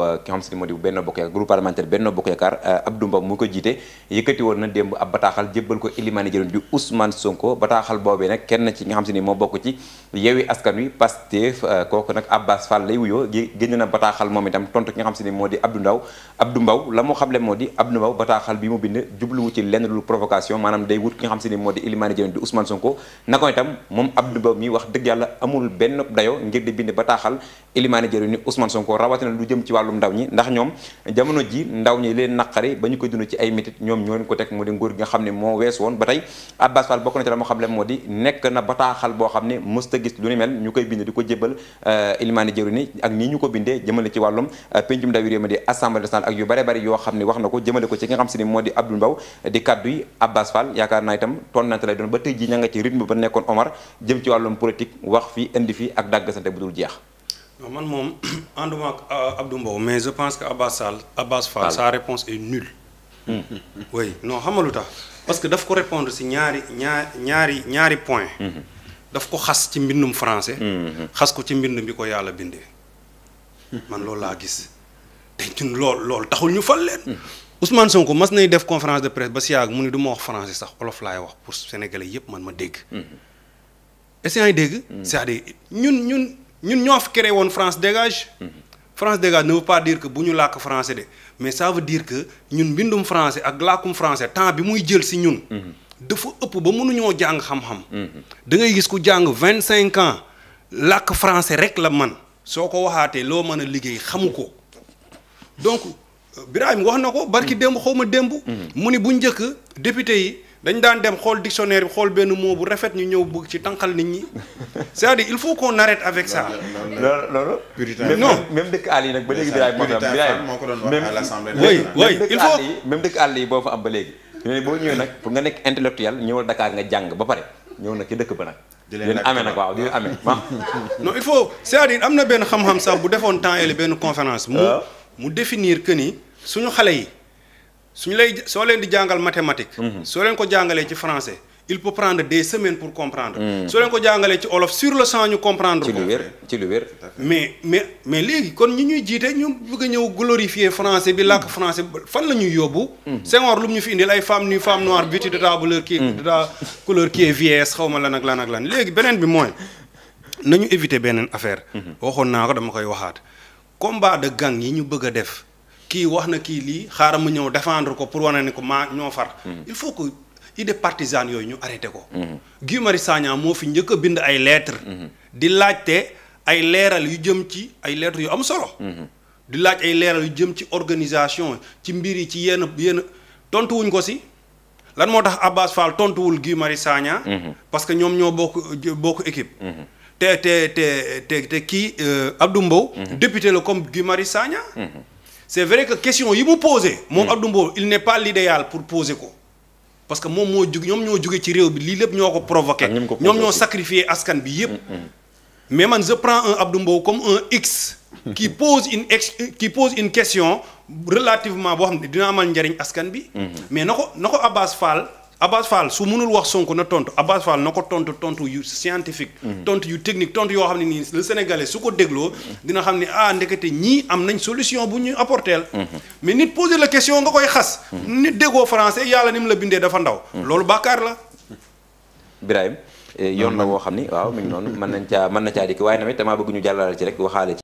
ki nga xam si moo di bu Benno Bokk Yaakaar groupe parlementaire Benno Bokk ni euh, euh, moo di Abdou Ndaw Abdou Mbow la mu xamle moo di Abdou Mbow bataaxal bi mu bind jubluwu ci lenn lu provocation maanaam day wut ki nga xam si ni moo di Elimane Diallo di Ousmane di bind bataaxal rawatina lu jëm ci wàllu wàllum ndaw ñi ndax ñoom jamono ji ndaw ñi leen naqari ba ñu koy dund ci ay métit ñoom ñoo leen ko teg moo di nguur gi nga xam ne moo wees woon ba tey Abbas Fall bokk na ci la moo xam ne ne mësta gis lu ni mel ñu koy bind di ko jébbal euh, ñu ko bindee jëmale ci wàllum euh, péncum ndawi réew mi di assemblée nationale ak bari yoo xam ne wax na ko jëmale ko ci nga xam si ni moo di Abdou Mbow di kaddu yi Abbas Fall yaakaar naa itam toon nante lay doon ba tey ji ña nga ci rythme ba nekkoon Omar jëm ci wàllum politique wax fi indi fi ak dàgg bu dul jeex non man moom ànduma ak euh, Abdou Mbow mais je pense que Abbas Sall Abbas Fall sa réponse est nulle. oui non xam tax parce que daf ko répondre si ñaari ñaar ñaari ñaari point mm-hmm. daf ko xas ci mbindum français. Mm-hmm. xas ko ci mbind bi ko yàlla bindee. man loolu laa gis te ñun lool loolu taxul ñu fal leen. Mm-hmm. Ousmane Sonko mas nay def conférence de presse ba si yàgg mu ne du ma wax français sax olof laay wax pour sénégalais yépp man ma dégg. est-ce dégg. cest à ñun ñun. ñun ñoo fi woon France dégage. France dégage ne veut pas dire que bu ñu làkk français de mais ça veut dire que ñun mbindum français ak làkkum français temps bi muy jël si ñun. dafa ëpp ba mënuñoo jàng xam-xam. da ngay gis ku jàng vingt cinq ans làkk français rek la man soo ko waxaatee loo mën a liggéey xamu ko donc Birahim wax na ko. barki démb xaw ma démb. mu ni bu njëkk député yi. dañ daan dem xool dictionnaire bi xool benn mot bu rafet ñu ñëw bëgg ci tànqal nit ñi c'est-à-dire il faut qu'on arrête avec ça. loolu loolu. non même dëkk àll yi nag ba léegi. bilaay moo ko doon wax à l'Assemblée nationale même dëkk àll yi même dëkk àll yi boo fa am ba léegi. yooyu boo ñëwee nag pour nga nekk intellectuel ñëwal Dakar nga jàng ba pare ñëw nag ci dëkk ba nag. di leen amee nag waaw di leen amee non il faut c'est-à-dire am na benn xam-xam sax bu defoon temps yële benn conférence. mu ah. mu définir que ni suñu xale yi suñu lay soo leen di jàngal mathématique. Mhm. soo leen ko jàngalee ci français il peut prendre des semaines pour comprendre. Mhm. soo leen ko jàngalee ci olof sur le champ ñu comprendre ko. ci lu wér mais mais mais léegi kon ñu ñuy jiite ñu bëgg a ñëw glorifier francais bi làkk mhm. français fan la ñuy yóbbu. war lu ñu fi indil ay femmes nues femmes noir vêtues de la couleur qui de la couleur qui est vieillesse xaw ma lan ak lan ak lan léegi beneen bi mooy nañu éviter beneen affaire. waxoon naa ko dama koy waxaat combat de gang ñu bëgg a def. kii wax na kii lii xaaral ma ñëw défendre ko pour wane ne ko maa ñoo far. Mm-hmm. il faut que idée partisane yooyu ñu arrêté ko. Mm-hmm. Guy Marius Sagna moo fi njëkk a bind ay lettres. Mm-hmm. di laajte ay leeral yu jëm ci ay lettres yu am solo. di laaj ay leeral yu jëm ci organisation ci mbir yi ci yenn yenn tontuwuñ ko si. lan moo tax Abbas Fall tontuwul Guy Marius Sagna. parce que ñoom ñoo bokk bokk équipe. te te te te te kii euh, Abdou Mbow. député la comme Guy Marius Sagna. c'est vrai que question yi mu posé. moom hmm. Abdou Mbow il n'est pas l'idéal pour poser ko. parce que moom moo jug ñoom ñoo jóge ci réew bi lii lépp ñoo ko provoqué. ñoom ñoo sacrifié askan bi yépp hmm, hmm. mais man je prends un Abdou Mbow comme un X. qui pose une ex qui pose une question relativement boo xam ne dina amal njariñ askan bi. mais na ko na ko Abass Fall. Abass Fall su mënul wax sonk na tontu Abass Fall na ko tontu tontu yu scientifique. Mhm. tontu yu technique tontu yoo xam ne nii le sénégalais su ko dégloo. Mhm. dina xam ne ah ndekete ñii am nañ solution bu ñu apporteel mhm. mais nit poser la question nga koy xas. nit déggoo français yàlla ni mu la bindee dafa ndaw. loolu bàkkaar la. Birahim eh, yoon la woo xam ni waaw mi ngi noonu nañ caa mën na caa dikk waaye tamit damaa bëgg ñu jàllale ci rek waxaale ci.